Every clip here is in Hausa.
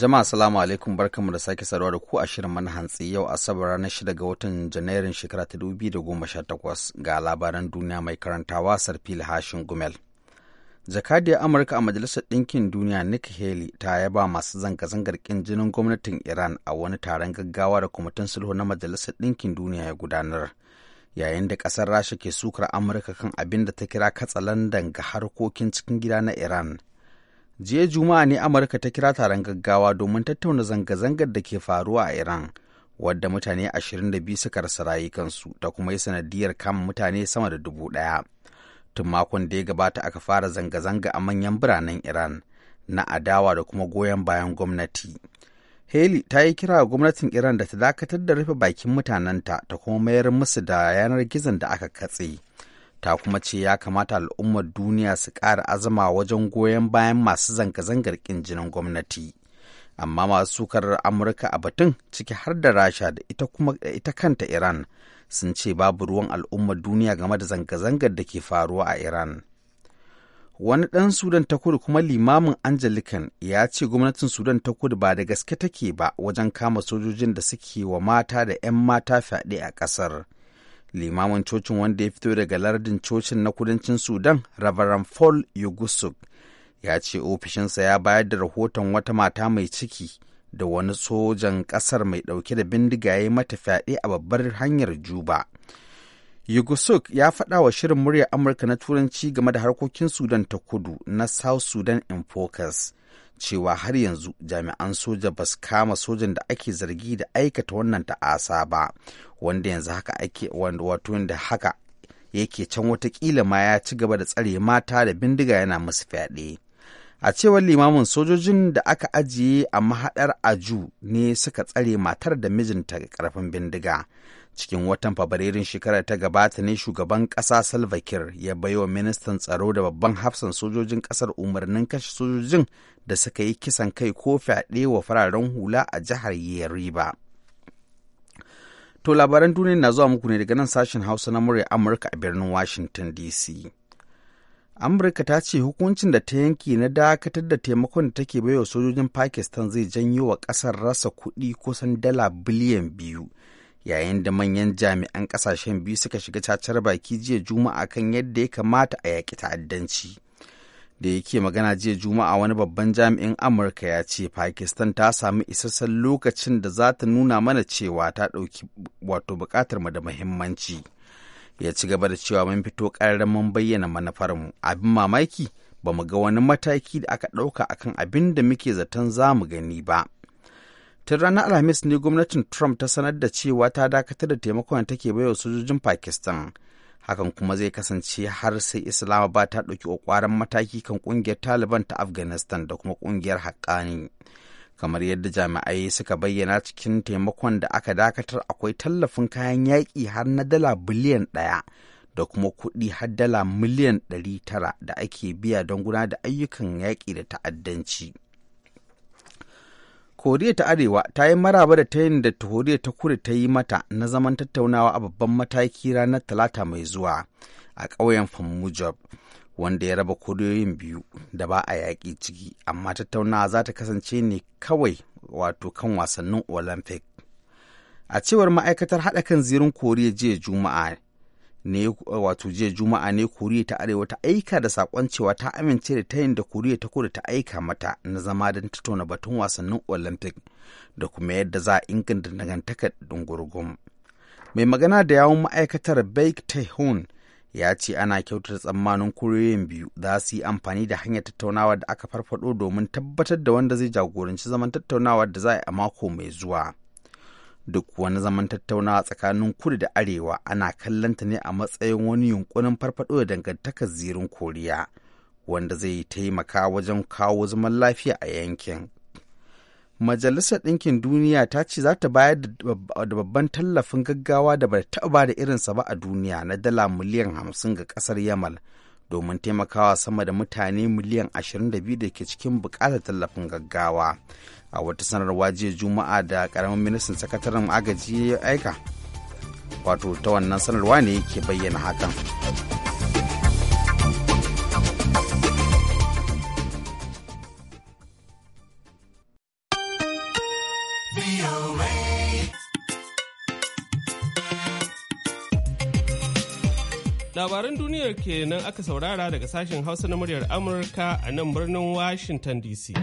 Jama'a salamu alaikum barkanmu da sake saduwa da ku a shirin mana hantsi yau Asabar ranar shida ga watan Janairun shekara ta da goma sha takwas ga labaran duniya mai karantawa Sarfil Hashin Gumel. Jakadiyar Amurka a Majalisar Ɗinkin Duniya nick Haley ta yaba masu zanga-zangar ƙin jinin gwamnatin Iran a wani taron gaggawa da kwamitin sulhu na Majalisar Ɗinkin Duniya ya gudanar. Yayin da ƙasar Rasha ke sukar Amurka kan abin da ta kira katsalandan ga harkokin cikin gida na Iran. jiya juma'a ne amurka ta kira taron gaggawa domin tattauna zanga-zangar da ke faruwa a iran wadda mutane 22 suka rasa rayukansu ta kuma yi sanadiyar kama mutane sama da dubu daya tun makon da ya gabata aka fara zanga-zanga a manyan biranen iran na adawa da kuma goyon bayan gwamnati haley ta yi kira gwamnatin iran da ta dakatar da rufe bakin mutanenta ta kuma mayar musu da yanar gizon da aka katse ta kuma ce ya kamata al'ummar duniya su ƙara azama wajen goyon bayan masu zanga-zangar ƙin gwamnati amma masu sukar amurka a batun ciki har da rasha da ita ita kanta iran sun ce babu ruwan al'ummar duniya game da zanga-zangar da ke faruwa a iran wani ɗan sudan ta kudu kuma limamin angelican ya ce gwamnatin sudan ta kudu ba da gaske take ba wajen kama sojojin da suke wa mata da 'yan mata fyaɗe a ƙasar. limamin cocin wanda ya fito daga lardin cocin na kudancin sudan reverend paul yugusuk ya ce ofishinsa ya bayar da rahoton wata mata mai ciki da wani sojan ƙasar mai ɗauke da bindigaye mata fyaɗe a babbar hanyar juba yugusuk ya faɗa wa shirin murya amurka na turanci game da harkokin sudan ta kudu na south sudan in focus cewa har yanzu jami'an soja ba su kama sojan da ake zargi da aikata wannan ta'asa ba wanda yanzu haka ake wato da haka yake can watakila ma ya ci gaba da tsare mata da bindiga yana musu fyaɗe a cewar limamin sojojin da aka ajiye a mahaɗar aju ne suka tsare matar da mijinta ga karfin bindiga cikin watan fabrairun shekarar ta gabata ne shugaban ƙasa salva kiir ya baiwa ministan tsaro da babban hafsan sojojin kasar umarnin kashe sojojin da suka yi kisan kai ko fyaɗe wa fararen hula a jihar yeriba to labaran duniya na zuwa muku ne daga nan sashen hausa na murya amurka a birnin washington dc amurka ta ce hukuncin da ta yanki na dakatar da taimakon da take baiwa sojojin pakistan zai janyo wa ƙasar rasa kuɗi kusan dala biliyan biyu yayin da manyan jami'an kasashen biyu suka shiga cacar baki jiya juma'a kan yadda ya kamata a yaƙi ta'addanci da yake magana jiya juma'a wani babban jami'in amurka ya ce pakistan ta sami isassan lokacin da za ta nuna mana cewa ta ɗauki wato buƙatar mu da muhimmanci ya ci gaba da cewa mun fito karamin mun bayyana manufarmu abin mamaki ba mu ga wani mataki da aka ɗauka akan abin da muke zaton za mu gani ba. tun ranar alhamis ne gwamnatin trump ta sanar da cewa ta dakatar da taimakon da take baiwa sojojin pakistan hakan kuma zai kasance har sai islamabad ta ɗauki ƙwaƙwaran mataki kan ƙungiyar taliban ta afghanistan da kuma ƙungiyar haƙƙani kamar yadda jami'ai suka bayyana cikin taimakon da aka dakatar akwai tallafin kayan yaƙi har na dala biliyan ɗaya da kuma kuɗi har dala miliyan ɗari tara da ake biya don gudanar da ayyukan yaƙi da ta'addanci. koriya ta arewa ta yi maraba da tayin da koriya ta kure ta yi mata na zaman tattaunawa a babban mataki ranar talata mai zuwa a ƙauyen fammujab wanda ya raba koriyoyin biyu da ba a yaƙi ciki amma tattaunawa za ta kasance ne kawai wato kan wasannin olympic a cewar ma'aikatar haɗa kan zirin koriya jiya juma'a ne wato jiya juma'a ne koriya ta arewa ta aika da sakon cewa ta amince da tayin da koriya ta kudu ta aika mata na zama don tattauna batun wasannin olympic da kuma yadda za a inganta dangantakar dungurgum mai magana da yawon ma'aikatar baik taehun ya ce ana kyautata tsammanin kuriyoyin biyu za su yi amfani da hanyar tattaunawa da aka farfado domin tabbatar da wanda zai jagoranci zaman tattaunawa da za a yi a mako mai zuwa. duk wani zaman tattaunawa tsakanin kudu da arewa ana kallonta ne a matsayin wani yunkurin farfaɗo da dangantakar zirin koriya wanda zai yi taimaka wajen kawo zaman lafiya a yankin majalisar ɗinkin duniya ta ce za ta bayar da babban tallafin gaggawa da bata taɓa ba da irinsa ba a duniya na dala miliyan hamsin ga ƙasar yamal domin taimakawa sama da mutane miliyan 22 da ke cikin buƙatar tallafin gaggawa a wata sanarwa jiya juma'a da karamin ministan sakataren agaji ya aika wato ta wannan sanarwa ne ke bayyana hakan labaran duniyar kenan aka saurara daga sashen hausa na muryar amurka a nan birnin washington dc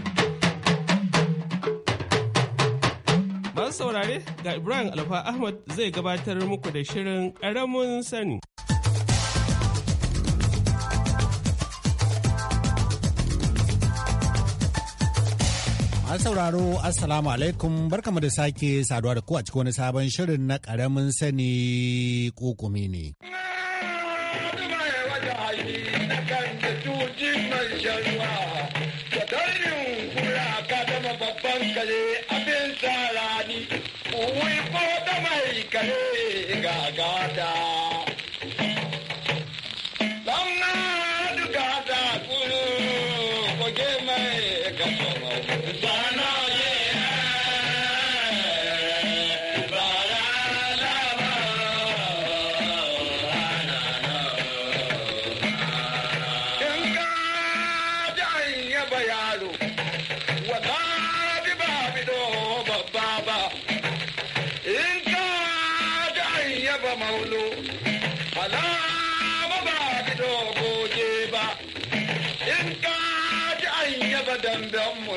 Masu saurare ga Ibrahim Alfa Ahmad zai gabatar muku da shirin ƙaramin sani. An sauraro Assalamu alaikum barkamu da sake saduwa da ku a cikin wani sabon shirin na ƙaramin sani kokumi ne. mai babban kare wai fada mai kare ga gada.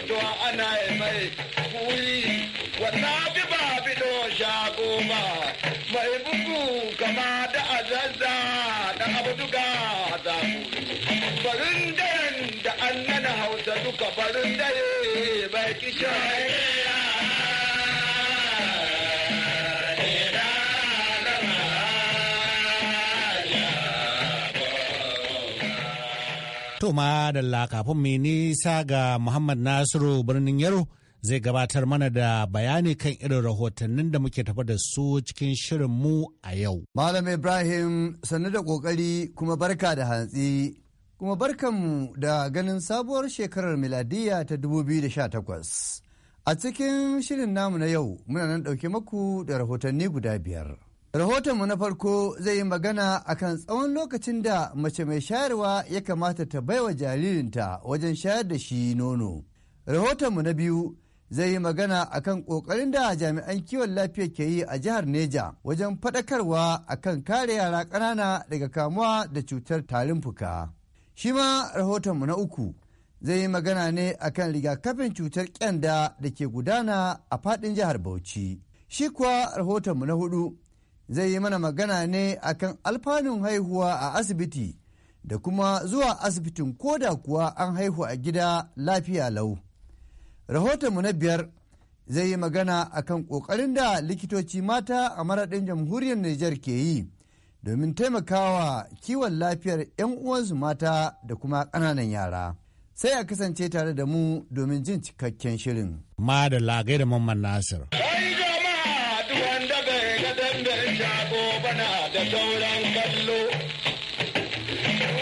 mutuwa ana mai kuri wata bi ba bido shago ba mai bugu kama da azaza da abuduga za barin daren da an nana hausa duka barin dare bai kishin ma da kafin mai nisa ga Muhammad Nasiru birnin Yaro zai gabatar mana da bayani kan irin rahotannin da muke tafa da su cikin shirin mu a yau. Malam Ibrahim sannu da kokari kuma barka da hantsi. Kuma barkanmu da ganin sabuwar shekarar miladiya ta 2018. A cikin shirin namu na yau muna nan ɗauke maku da rahotanni guda biyar. mu na farko zai yi magana a kan tsawon lokacin da mace mai shayarwa ya kamata ta baiwa jaririnta wajen shayar da shi nono. mu na biyu zai yi magana a kan ƙoƙarin da jami'an kiwon lafiya ke yi a jihar Neja wajen faɗakarwa kan kare yara ƙanana daga kamuwa da cutar tarin fuka. Shi ma mu na uku zai yi magana ne a kan rigakafin cutar kyanda da ke gudana a faɗin jihar Bauchi. Shi kuwa mu na hudu zai yi mana magana ne akan alfanun haihuwa a asibiti da kuma zuwa asibitin koda kuwa an haihu a gida lafiya lau. Rahotonmu na biyar zai yi magana akan kokarin da likitoci mata a maraɗin jamhuriyar Nijar ke yi domin taimakawa kiwon lafiyar 'yan uwansu mata da kuma ƙananan yara. Sai a kasance tare da mu domin jin cikakken shirin. Ma da lagai da Mamman Nasir. da sauran kallo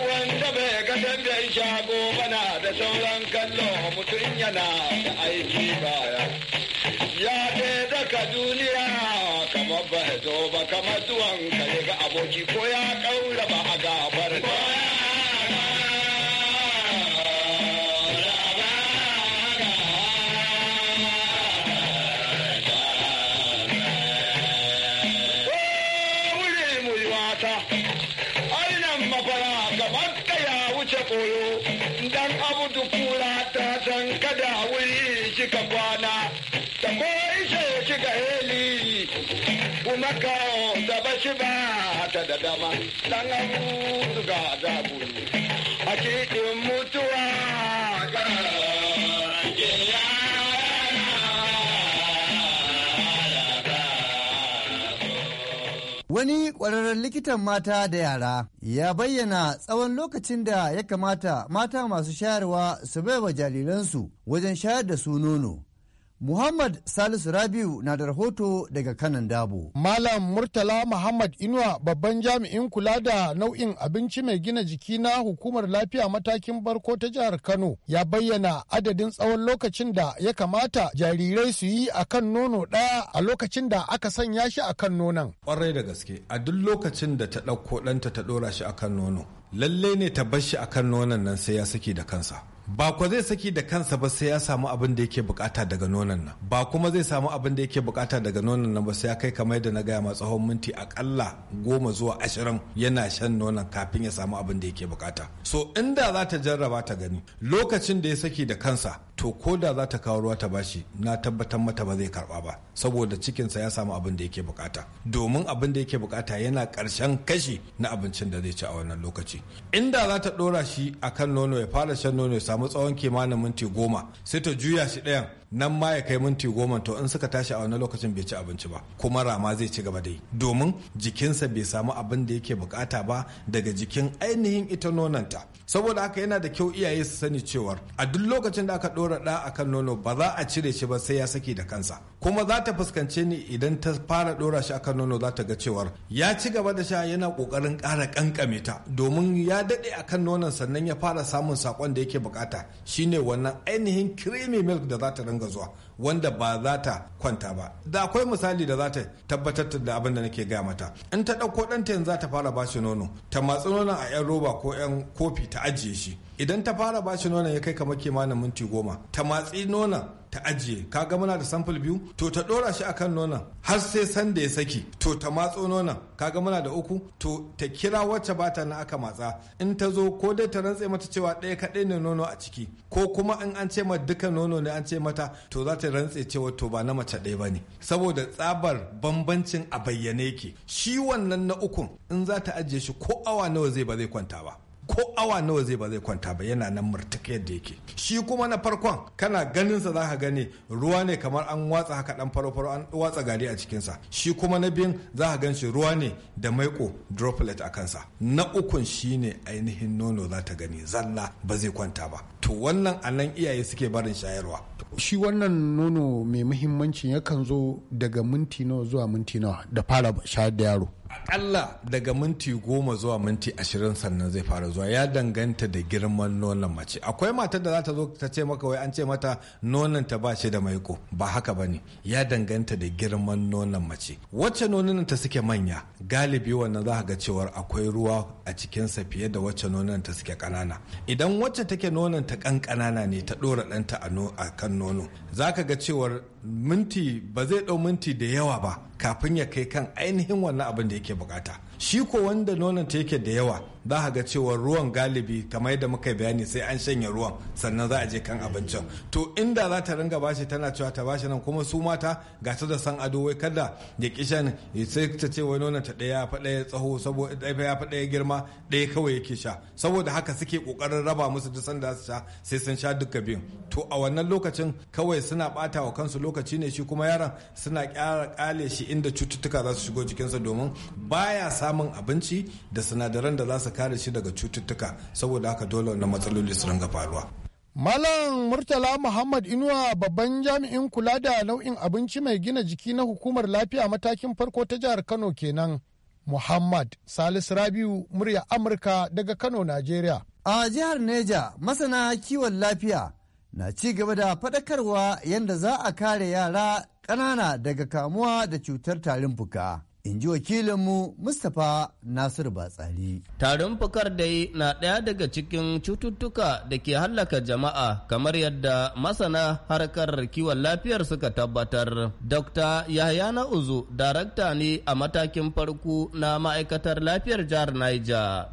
wanda bai ga tambayin shago bana da sauran kallo mutum yana da aiki baya ya daga duniya kamar ba zo ba kamar zuwan kare ga aboki ko ya kaura ba a gaba ka kwana da koishe ga heli kuma ka da shi ba ta da dama dan abu ga zabu a cikin mutuwa Wani ƙwararren likitan mata da yara ya bayyana tsawon lokacin da ya kamata mata masu shayarwa su baiwa jariransu wajen shayar da su nono. Muhammad Salisu Rabiu na da rahoto daga kanan dabo. Malam Murtala Muhammad Inuwa babban jami'in kula da nau'in abinci mai gina jiki na hukumar lafiya matakin barko ta jihar Kano ya bayyana adadin tsawon lokacin da ya kamata jarirai su yi a kan nono ɗaya a lokacin da aka sanya shi a kan nonon. Kwarai da gaske a duk lokacin da ta ɗauko ɗanta ta ɗora shi a kan nono. Lallai ne ta bar shi a kan nonon nan sai ya saki da kansa. ba kwa zai saki da kansa ba sai ya samu abin da yake bukata daga nonon nan ba kuma zai samu abin da yake bukata daga nonon nan ba sai ya kai kamar yadda na gaya ma tsawon minti akalla goma zuwa ashirin yana shan nonon kafin ya samu abin da yake bukata so inda za ta jarraba ta gani lokacin da ya saki da kansa to ko da za ta kawo ruwa ta bashi na tabbatar mata ba zai karba ba saboda cikinsa ya samu abin da yake bukata domin abin da yake bukata yana karshen kashi na abincin da zai ci a wannan lokaci inda za ta dora shi akan nono ya fara shan nono ya samu samu tsawon kimanin minti goma sai ta juya shi ɗayan nan ma ya kai minti goma to in suka tashi a wani lokacin bai ci abinci ba kuma rama zai ci gaba dai domin jikinsa bai samu abin da yake bukata ba daga jikin ainihin ita nonanta saboda haka yana da kyau iyaye su sani cewar a duk lokacin da aka ɗora ɗa akan nono ba za a cire shi ba sai ya saki da kansa kuma za ta fuskance ni idan ta fara ɗora shi akan nono za ta ga cewar ya ci gaba da sha yana ƙoƙarin ƙara ƙanƙame ta domin ya daɗe akan nonon sannan ya fara samun sakon da yake bukata shine wannan ainihin creamy milk da za ta 哥作，wanda ba za ta kwanta ba da akwai misali da za ta tabbatar da abin da nake gaya mata in ta ɗauko ɗanta yanzu za ta fara ba shi nono ta matsi nonon a 'yan roba ko 'yan kofi ta ajiye shi idan ta fara ba shi nonon ya kai kamar kimanin minti goma ta matsi nonon ta ajiye ka ga muna da sampul biyu to ta dora shi akan nonon har sai san da ya saki to ta matso nonon ka ga muna da uku to ta kira wacce bata na aka matsa in ta zo ko dai ta rantse mata cewa ɗaya kaɗai ne nono a ciki ko kuma in an ce mata duka nono ne an ce mata to za ta su rantse cewa to ba na mace ɗaya ba ne saboda tsabar bambancin a bayyane yake shi wannan na ukun in za ta ajiye shi ko awa nawa zai ba zai kwanta ba ko awa nawa zai ba zai kwanta ba yana nan murtuka yadda yake shi kuma na farkon kana ganin sa zaka gane ruwa ne kamar an watsa haka dan faro faro an watsa gari a cikin sa shi kuma na biyun zaka gan shi ruwa ne da maiko droplet a kansa na ukun shine ainihin nono za ta gani zalla ba zai kwanta ba to wannan anan iyaye suke barin shayarwa shi wannan nono mai muhimmanci yakan zo daga minti nawa zuwa minti nawa da fara shayar da yaro akalla daga minti goma zuwa minti ashirin sannan zai fara zuwa ya danganta da girman nonon mace akwai matar da za ta zo ta ce maka wai an ce mata nonon ta ba shi da maiko ba haka ba ne ya danganta da girman nonon mace wacce nonon ta suke manya galibi wannan za ga cewar akwai ruwa a cikinsa fiye da wacce nonon ta suke ƙanana idan wacce take nonon ta kanana ne ta ɗora ɗanta a kan nono za ka ga cewar minti ba zai ɗau minti da yawa ba kafin ya kai kan ainihin wannan abin da yake bukata shi ko wanda nonon ta yake da yawa za ka ga cewa ruwan galibi kamar da muka bayani sai an shanye ruwan sannan za a je kan abincin to inda za ta ringa bashi tana cewa ta bashi nan kuma su mata ga ta da san ado wai kada ya ki shan sai ta ce wai nonon ta ɗaya fa ɗaya tsaho saboda ya fa ɗaya girma ɗaya kawai yake sha saboda haka suke kokarin raba musu duk sanda su sha sai sun sha duka biyun to a wannan lokacin kawai suna bata wa kansu lokaci ne shi kuma yaran suna kyara kale shi inda cututtuka za su shigo jikinsa domin baya samun abinci da sinadaran da za su kare shi daga cututtuka saboda haka dole na matsaloli su ringa faruwa Malam Murtala Muhammad Inuwa babban jami'in kula da nau'in abinci mai gina jiki na hukumar lafiya matakin farko ta jihar Kano kenan. Muhammad Salisu Rabiu murya Amurka daga Kano, Najeriya. A jihar Neja masana kiwon lafiya na ci gaba da faɗakarwa yadda za a kare yara ƙanana daga kamuwa da cutar tarin fuka. in ji wakilinmu mustapha nasiru batsali. tarin fukar dai na ɗaya daga cikin cututtuka da ke hallaka jama'a kamar yadda masana harkar kiwon lafiyar suka tabbatar dr yahaya na uzu darakta ne a matakin farko na ma'aikatar lafiyar jihar niger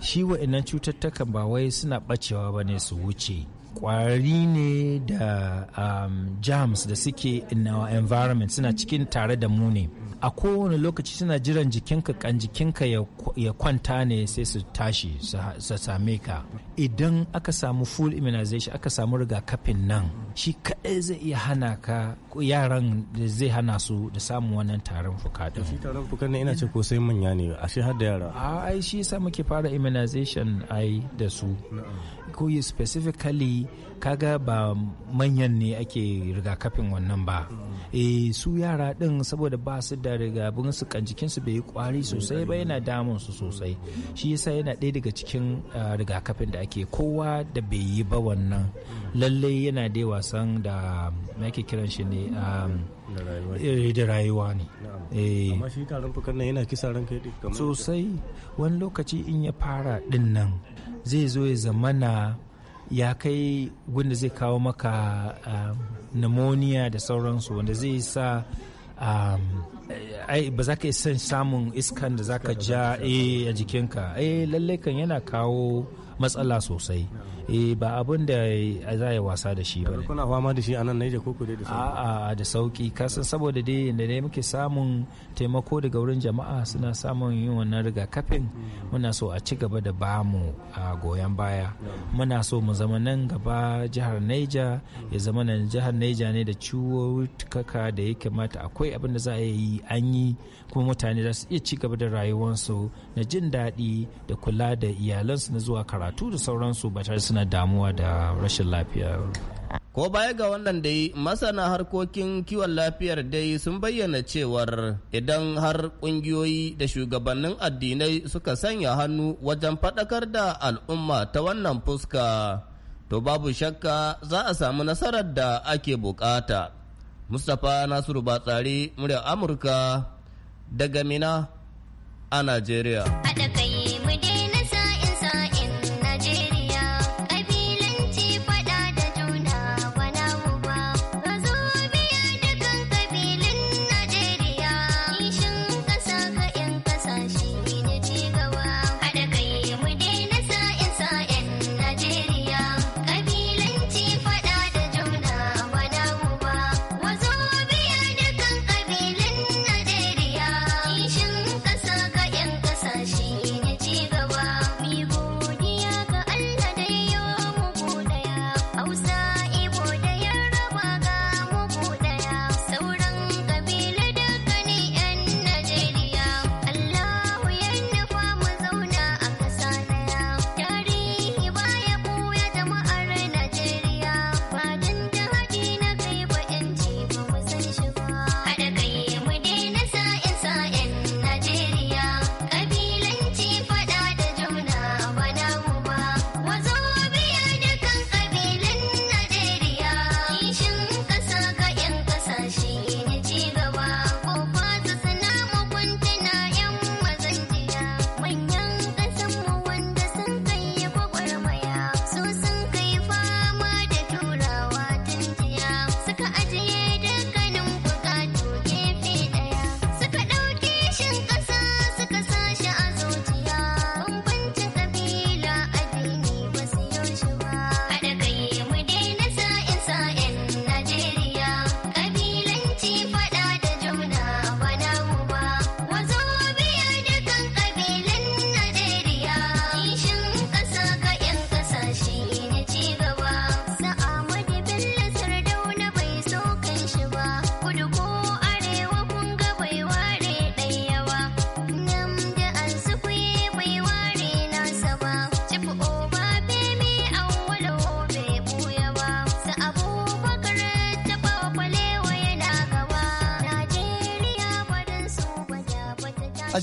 shi wa'annan cututtukan ba wai suna ɓacewa ba ne su wuce kwari ne da um, germs da suke in environment suna cikin tare da mu ne a kowane lokaci suna jiran jikinka kan jikinka ya kwanta ne sai su tashi su same ka idan aka samu full immunization aka samu rigakafin nan shi kadai zai iya hana ka yaran da zai hana su da samun wannan tarin fuka din shi tarin fuka ne ina ce ko sai manya ne a shi har da yara a ai shi yasa muke fara immunization ai da su ko specifically kaga ba manyan ne ake rigakafin wannan ba e su yara din saboda ba su da rigabin su kan jikin su bai yi kwari sosai ba yana damun su sosai shi yasa yana ɗaya daga cikin ah, rigakafin da ake kowa da bai yi ba wannan lallai yana da wasan da ake kiran shi ne ah, eh, da rayuwa ne eh. amma shi tarin fukan nan yana kisa ranka sosai wani lokaci in ya fara din nan zai zo ya zamana ya kai wanda zai kawo maka um, pneumonia da sauransu wanda zai sa um, ba za ka son samun iskan da za ka ja eh, a jikinka eh lallai kan yana kawo matsala sosai eh, ba abin da za yi wasa da shi ba kuna fama da shi nan naija koko dai da sauki a'a da sauki kasan saboda dai da dai muke samun taimako daga wurin jama'a suna samun yin wannan rigakafin muna so a ci gaba da bamu a goyon baya muna so mu zama nan gaba jihar naija ya zama nan jihar naija ne da kaka da ya kamata akwai abin da za a yi an yi kuma mutane za su iya ci gaba da rayuwarsu na jin daɗi da kula da iyalansu na zuwa karatu karatu da sauransu ba tare suna damuwa da rashin lafiya ko baya ga wannan dai masana harkokin kiwon lafiyar dai sun bayyana cewar idan har kungiyoyi da shugabannin addinai suka sanya hannu wajen faɗakar da al'umma ta wannan fuska to babu shakka za a samu nasarar da ake bukata mustapha nasiru batsari murya amurka daga mina a najeriya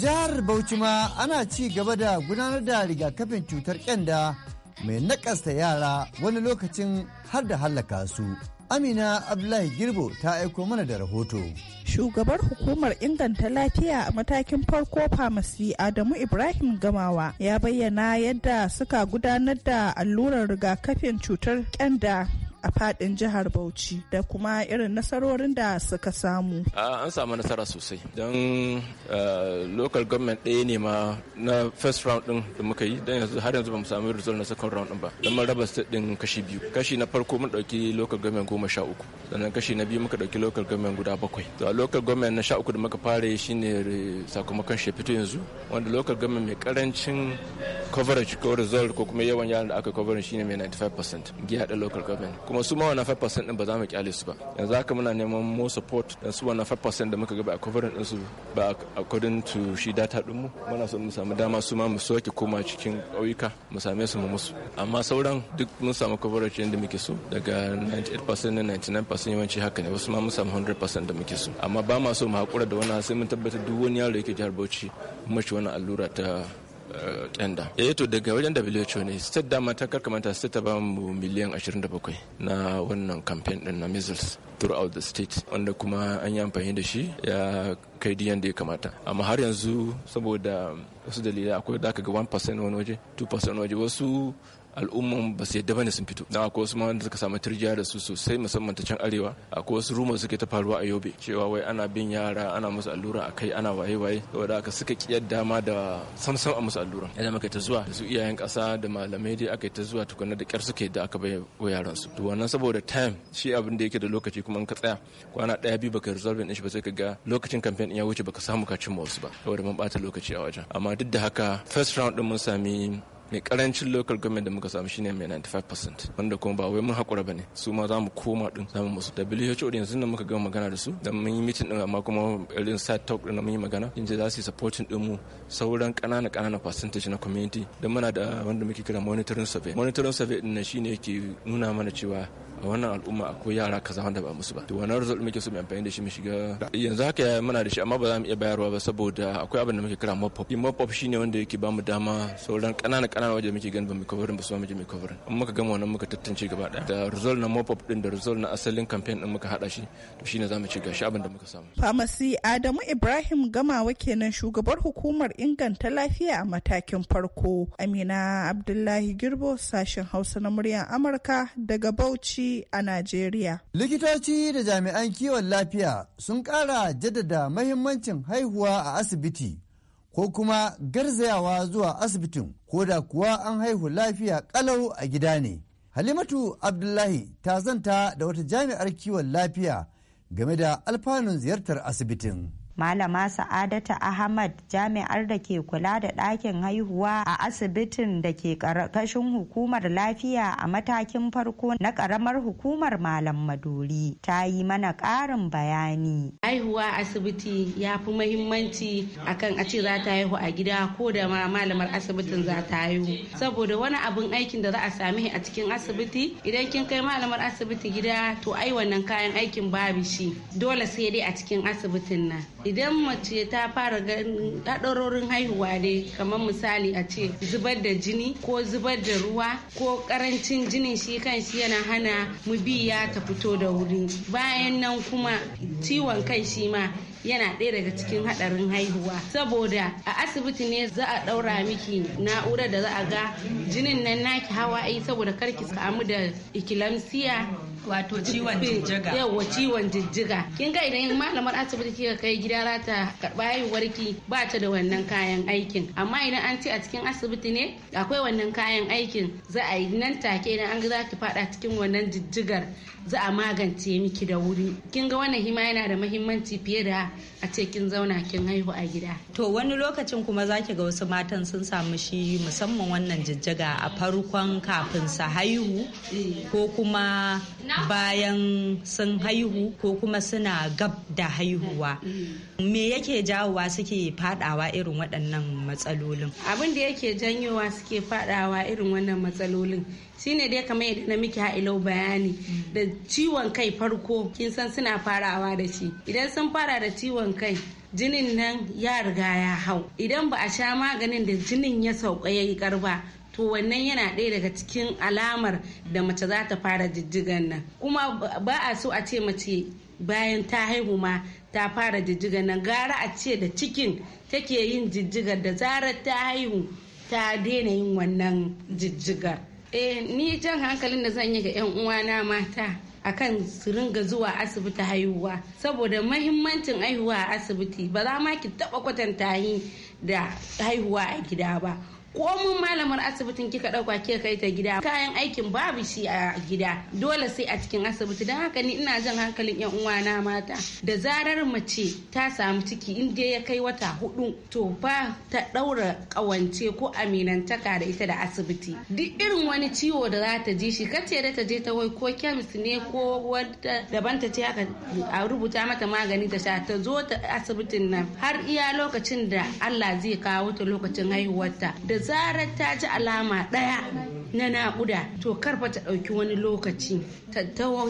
jihar Bauchi ma ana ci gaba da gudanar da rigakafin cutar kyanda mai nakasta yara wani lokacin har da hallaka su. Amina Abdullahi Girbo ta aiko mana da rahoto. Shugabar hukumar inganta lafiya a matakin farko famasi Adamu Ibrahim Gamawa ya bayyana yadda suka gudanar da allurar rigakafin cutar kyanda a fadin jihar Bauchi da kuma irin nasarorin da suka samu. An samu nasara sosai don local government ɗaya ne ma na first round ɗin da muka yi don yanzu har yanzu ba mu samu result na second round ɗin ba. Don mun raba state ɗin kashi biyu. Kashi na farko mun ɗauki local government goma sha uku. Sannan kashi na biyu muka ɗauki local government guda bakwai. To a local government na sha uku da muka fara shine sakamakon fito yanzu wanda local government mai karancin coverage ko result ko kuma yawan yaran da aka coverage shine mai 95% giya da local government kuma su ma wannan 5% din ba za mu kyale su ba yanzu haka muna neman more support dan su wannan 5% da muka ga ba a covering din su ba according to shi data din mu muna so mu samu dama su ma mu soke koma cikin ƙauyuka mu same su mu musu amma sauran duk mun samu coverage yadda muke so daga 98% na 99% yawanci haka ne wasu ma mun samu 100% da muke so amma ba ma so mu hakura da wannan sai mun tabbatar duk wani yaro yake jihar Bauchi mu shi wannan allura ta tenda eh to daga wajen WHO ne da dama ta karkamanta sai ta ba mu miliyan 27 na wannan campaign din na measles throughout the state wanda kuma an yi amfani da shi ya kai da yanda ya kamata amma har yanzu saboda wasu dalilai akwai da ga 1% wani waje 2% waje wasu al'umman ba su yadda bane sun fito da akwai wasu ma wanda suka samu turjiya da su sosai musamman ta can arewa akwai wasu rumor suke ta faruwa a yobe cewa wai ana bin yara ana musu allura a kai ana waye waye saboda haka suka kiyar dama da samsam a musu allura yadda muka ta zuwa da su iyayen kasa da malamai dai aka ta zuwa tukunna da kyar suke da aka bai wa yaran su to wannan saboda time shi abin da yake da lokaci kuma in ka tsaya kwana daya biyu baka resolve din shi ba sai ka ga lokacin campaign ya wuce baka samu ka cimma wasu ba saboda mun bata lokaci a wajen amma duk da haka first round din mun sami mai karancin local government da muka samu shine mai 95% wanda kuma ba wai mun hakura bane su ma za mu koma din za mu musu WHO yanzu sun muka gama magana da su da mun yi meeting din amma kuma irin side talk din mun yi magana in za su supporting din mu sauran kanana kanana percentage na community da muna da wanda muke kira monitoring survey monitoring survey din nan shine yake nuna mana cewa a wannan al'umma akwai yara kaza wanda ba musu ba to wannan result muke so mu amfani da shi mu shiga yanzu haka muna da shi amma ba za mu iya bayarwa ba saboda akwai abin da muke kira mop up mop up shine wanda yake ba mu dama sauran kanana kanana waje muke ganin ba mu coverin ba su muke mu coverin in muka gama wannan muka tantance gaba daya da result na mop up din da result na asalin campaign din muka hada shi to shine za mu ci gashi abin da muka samu famasi Adamu Ibrahim Gamawa kenan shugabar hukumar inganta lafiya a matakin farko Amina Abdullahi Girbo sashen Hausa na muryar Amurka daga Bauchi a Najeriya. Likitoci da jami'an kiwon lafiya sun ƙara jaddada mahimmancin haihuwa a asibiti ko kuma garzayawa zuwa asibitin ko da kuwa an haihu lafiya ƙalau a gida ne. Halimatu Abdullahi ta zanta da wata jami'ar kiwon lafiya game da alfanun ziyartar asibitin. malama sa'adata ahmad jami'ar da ke kula da ɗakin haihuwa a asibitin da ke ƙarƙashin hukumar lafiya a matakin farko na ƙaramar hukumar malam maduri ta yi mana ƙarin bayani haihuwa asibiti ya fi muhimmanci akan a ce za ta haihu a gida ko da ma malamar asibitin za ta haihu saboda wani abin aikin da za a sami a cikin asibiti idan kin kai malamar asibiti gida to ai wannan kayan aikin babu shi dole sai dai a cikin asibitin nan idan mace ta fara ganin haɗarorin haihuwa dai kamar misali a ce zubar da jini ko zubar da ruwa ko karancin jinin shi kan yana hana mu biya ta fito da wuri bayan nan kuma ciwon kai shi ma yana ɗaya daga cikin haɗarin haihuwa saboda a asibiti ne za a ɗaura miki na'urar da za a ga jinin nan naki hawa ai saboda karki samu da ikilamsiya wato ciwon jijjiga yawa ciwon jijjiga kin ga idan malamar asibiti kika kai gida za ta yi warki ba ta da wannan kayan aikin amma idan an ce a cikin asibiti ne akwai wannan kayan aikin za a yi nan take idan an ga za ki fada cikin wannan jijjigar za a magance miki da wuri kin ga wannan hima yana da mahimmanci fiye da a ce kin zauna kin haihu a gida to wani lokacin kuma zaki ga wasu matan sun samu shi musamman wannan jijjiga a farkon kafin sa haihu eh. ko kuma bayan sun haihu ko kuma suna gab da haihuwa me yake jawowa suke fadawa irin waɗannan matsalolin abin da yake janyowa suke fadawa irin wannan matsalolin shine dai kamar yadda na miki ha'ilau bayani da ciwon kai farko kin san suna farawa da shi idan sun fara da ciwon kai jinin nan ya riga ya hau idan ba a sha maganin da jinin ya sauka ya yi karba to wannan yana ɗaya daga cikin alamar da mace za ta fara jijjigan nan kuma ba a so a ce mace bayan ta haihu ma ta fara jijjigan nan gara a ce da cikin take yin jijjigar da zarar ta haihu ta daina yin wannan jijjigar eh ni jan hankalin da zan yi ga 'yan uwana mata akan su ringa zuwa asibiti haihuwa saboda mahimmancin haihuwa a asibiti ba za ma ki taba kwatanta yi da haihuwa a gida ba komun malamar asibitin kika ɗauka kika kai ta gida kayan aikin babu shi a gida dole sai a cikin asibiti don haka ni ina jan hankalin yan uwana mata da zarar mace ta samu ciki in dai ya kai wata hudu to ba ta ɗaura ƙawance ko aminantaka da ita da asibiti duk irin wani ciwo da za ta ji shi kace da ta je ta wai ko kemis ne ko wata. daban ta ce haka a rubuta mata magani ta sha ta zo ta asibitin nan har iya lokacin da Allah zai kawo ta lokacin haihuwarta da da zarar ta ji alama ɗaya na naƙuda to karfa ta ɗauki wani lokaci ta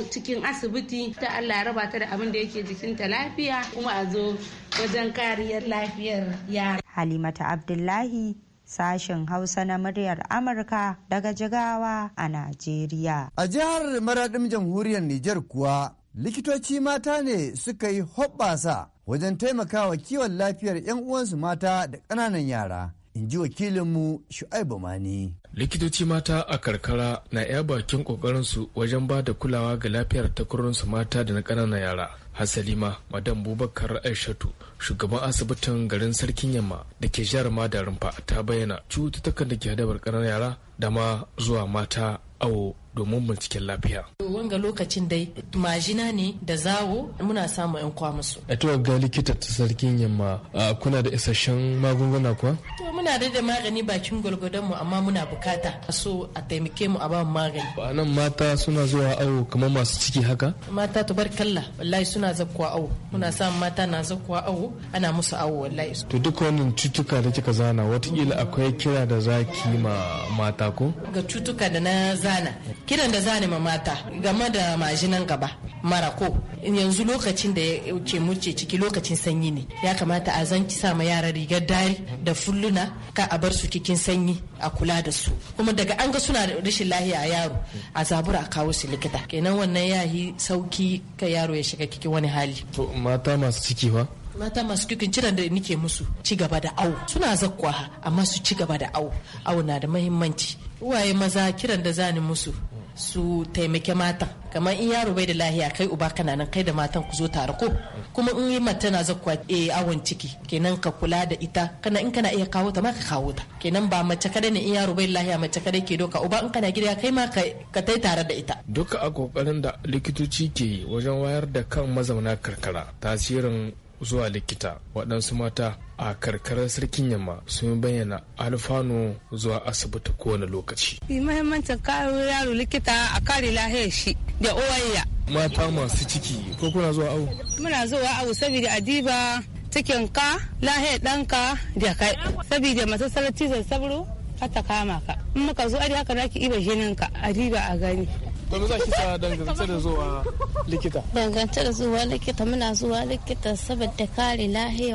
cikin asibiti ta Allah raba ta da abin da yake jikinta lafiya kuma a zo wajen kariyar lafiyar yara. Halimata Abdullahi sashen Hausa na muryar Amurka daga Jigawa a Najeriya. A jihar Maraɗin Jamhuriyar Nijar kuwa likitoci mata ne suka yi hoɓɓasa wajen taimakawa kiwon lafiyar 'yan uwansu mata da ƙananan yara. in ji wakilinmu shu'aibu mani likitoci mata a karkara na ya bakin kokarinsu wajen ba da kulawa ga lafiyar takwarorinsu mata da na kananan yara hasalima madam bubakar aishatu shugaban asibitin garin sarkin yamma da ke jihar rumfa ta bayyana cututtukan da ke hadabar ƙananan yara da ma zuwa mata awo domin binciken lafiya. Wanga lokacin dai majina ne da zawo muna samu yan kwa musu. A tuwa ga likita ta sarkin yamma kuna da isasshen magunguna kuwa? muna da da magani bakin gwalgwadon mu amma muna bukata so a taimake mu a ba mu magani ba nan mata suna zuwa awo kamar masu ciki haka mata barkalla. wallahi suna zakkuwa awo muna samun mata na zakkuwa awo ana musu awo wallahi to duk wannan cutuka da kika zana watakila akwai kira da zaki ma mata ko ga cutuka da na zana kiran da zani ma mata game da majinan gaba mara ko yanzu lokacin da ya ce murce ciki lokacin sanyi ne ya kamata a zanki sa ma yara rigar dari da fulluna ka a bar su cikin sanyi a kula da su kuma daga an ga suna da rashin lahiya a yaro a zabura a kawo su likita kenan wannan yahi sauki ka yaro ya shiga cikin wani hali to mata masu ciki fa mata masu cikin jiran da nike musu ci gaba da awo suna zakwa amma su ci gaba da awo awo na da muhimmanci uwaye maza kiran da zani musu su taimake mata kamar in yaro bai da lahiya kai uba kana nan kai da matan ku zo tare ko kuma in yi mata na zakwa e eh, awon ciki kenan ka kula da ita kana in kana iya kawo ta ma ka kawo ta kenan ba mace kada ne in yaro bai da lahiya mace kada ke doka uba in kana gida kai ma ka tai tare da ita duka a kokarin da likitoci ke wajen wayar da kan mazauna karkara tasirin zuwa likita waɗansu mata a karkarar sarkin yamma sun bayyana alfano zuwa asibiti kowane lokaci. muhimmancin kawo yaro likita a kare lahiyar shi da uwayya. mata masu ciki ko kuna zuwa awo? muna zuwa awo saboda adiba cikin ka lahiyar ɗanka da kai saboda masu salar cizon sabro ta kama ka in muka zo ari haka zaki iba jinin ka adiba a gani Domin za ki sa dangance da zuwa likita. dangantar da zuwa likita muna zuwa likita saboda kare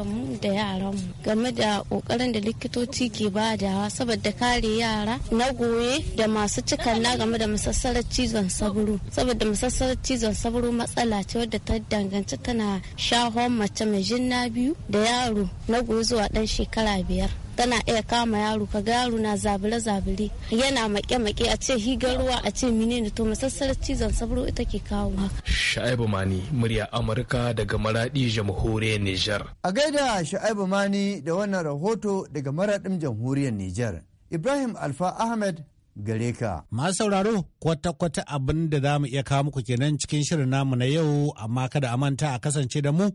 mu da yaranmu game da kokarin da likitoci ke badawa saboda kare yara na goye da masu cikan na game da masassarar cizon saburo. Saboda masassarar cizon sabro matsala ce wadda ta danganci tana shahon mace mai jinna biyu da yaro na goye zuwa dan shekara biyar. tana iya kama yaro ka yaro na zabile zabire yana make make a ce higar ruwa a ce menene to masassar cizon sabro ita ke kawo haka sha'ibu mani murya amurka daga maradi jamhuriyar nijar a gaida sha'ibu mani da wannan rahoto daga maradin jamhuriyar nijar ibrahim alfa ahmed gare ka. Masu sauraro kwata-kwata abin da za iya kawo muku kenan cikin shirin namu na yau amma kada a manta a kasance da mu